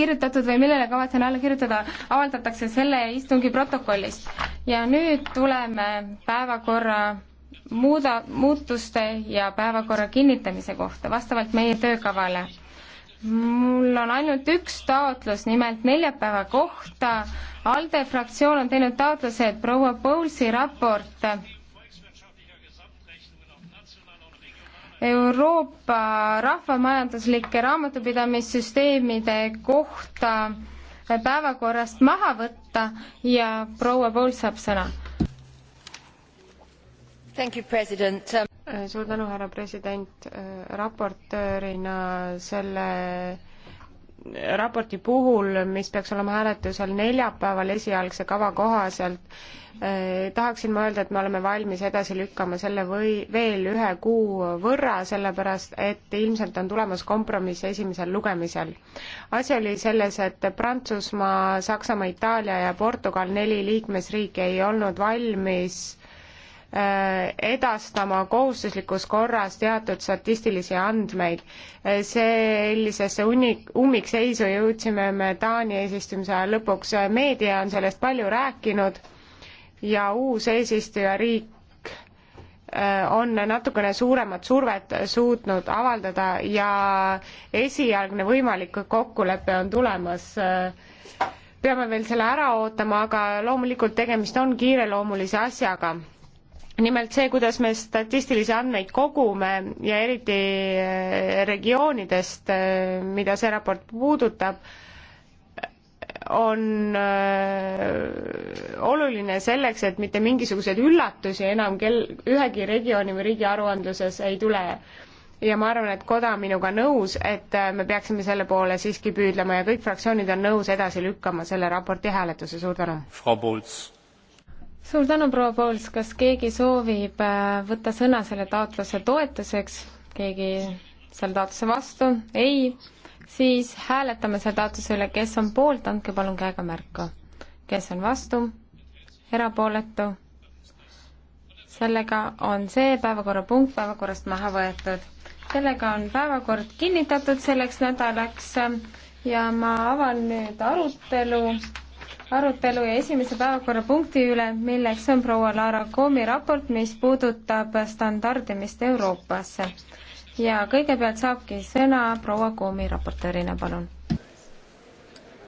kirjutatud või millele kavatsen alla kirjutada, avaldatakse selle istungi protokollis. ja nüüd tuleme päevakorra muuda, muutuste ja päevakorra kinnitamise kohta vastavalt meie töökavale. mul on ainult üks taotlus, nimelt neljapäeva kohta. ALDE fraktsioon on teinud taotluse, et proua Paulsi raport Euroopa rahvamajanduslike raamatupidamissüsteemide kohta päevakorrast maha võtta ja proua Pool saab sõna. suur tänu, härra president, raportöörina selle raporti puhul, mis peaks olema hääletusel neljapäeval esialgse kava kohaselt, eh, tahaksin ma öelda, et me oleme valmis edasi lükkama selle või veel ühe kuu võrra, sellepärast et ilmselt on tulemas kompromiss esimesel lugemisel. asi oli selles, et Prantsusmaa, Saksamaa, Itaalia ja Portugal, neli liikmesriiki ei olnud valmis Äh, edastama kohustuslikus korras teatud statistilisi andmeid. Äh, sellisesse uni-, ummikseisu jõudsime me Taani eesistumise aja lõpuks, äh, meedia on sellest palju rääkinud ja uus eesistujariik on natukene suuremat survet suutnud avaldada ja esialgne võimalik kokkulepe on tulemas peame veel selle ära ootama, aga loomulikult tegemist on kiireloomulise asjaga nimelt see, kuidas me statistilisi andmeid kogume ja eriti eh, regioonidest, eh, mida see raport puudutab, on eh, oluline selleks, et mitte mingisuguseid üllatusi enam kel-, ühegi regiooni või riigi aruandluses ei tule. ja ma arvan, et Koda on minuga nõus, et me peaksime selle poole siiski püüdlema ja kõik fraktsioonid on nõus edasi lükkama selle raporti hääletuse, suur tänu. Frau Bulls suur tänu, proua Pools, kas keegi soovib äh, võtta sõna selle taotluse toetuseks, keegi selle taotluse vastu, ei, siis hääletame selle taotluse üle, kes on poolt, andke palun käega märku. kes on vastu, erapooletu, sellega on see päevakorrapunkt päevakorrast maha võetud. sellega on päevakord kinnitatud selleks nädalaks ja ma avan nüüd arutelu arutelu ja esimese päevakorrapunkti üle, milleks on proua Laara Koomi raport, mis puudutab standardimist Euroopas. ja kõigepealt saabki sõna proua Koomi raportöörina, palun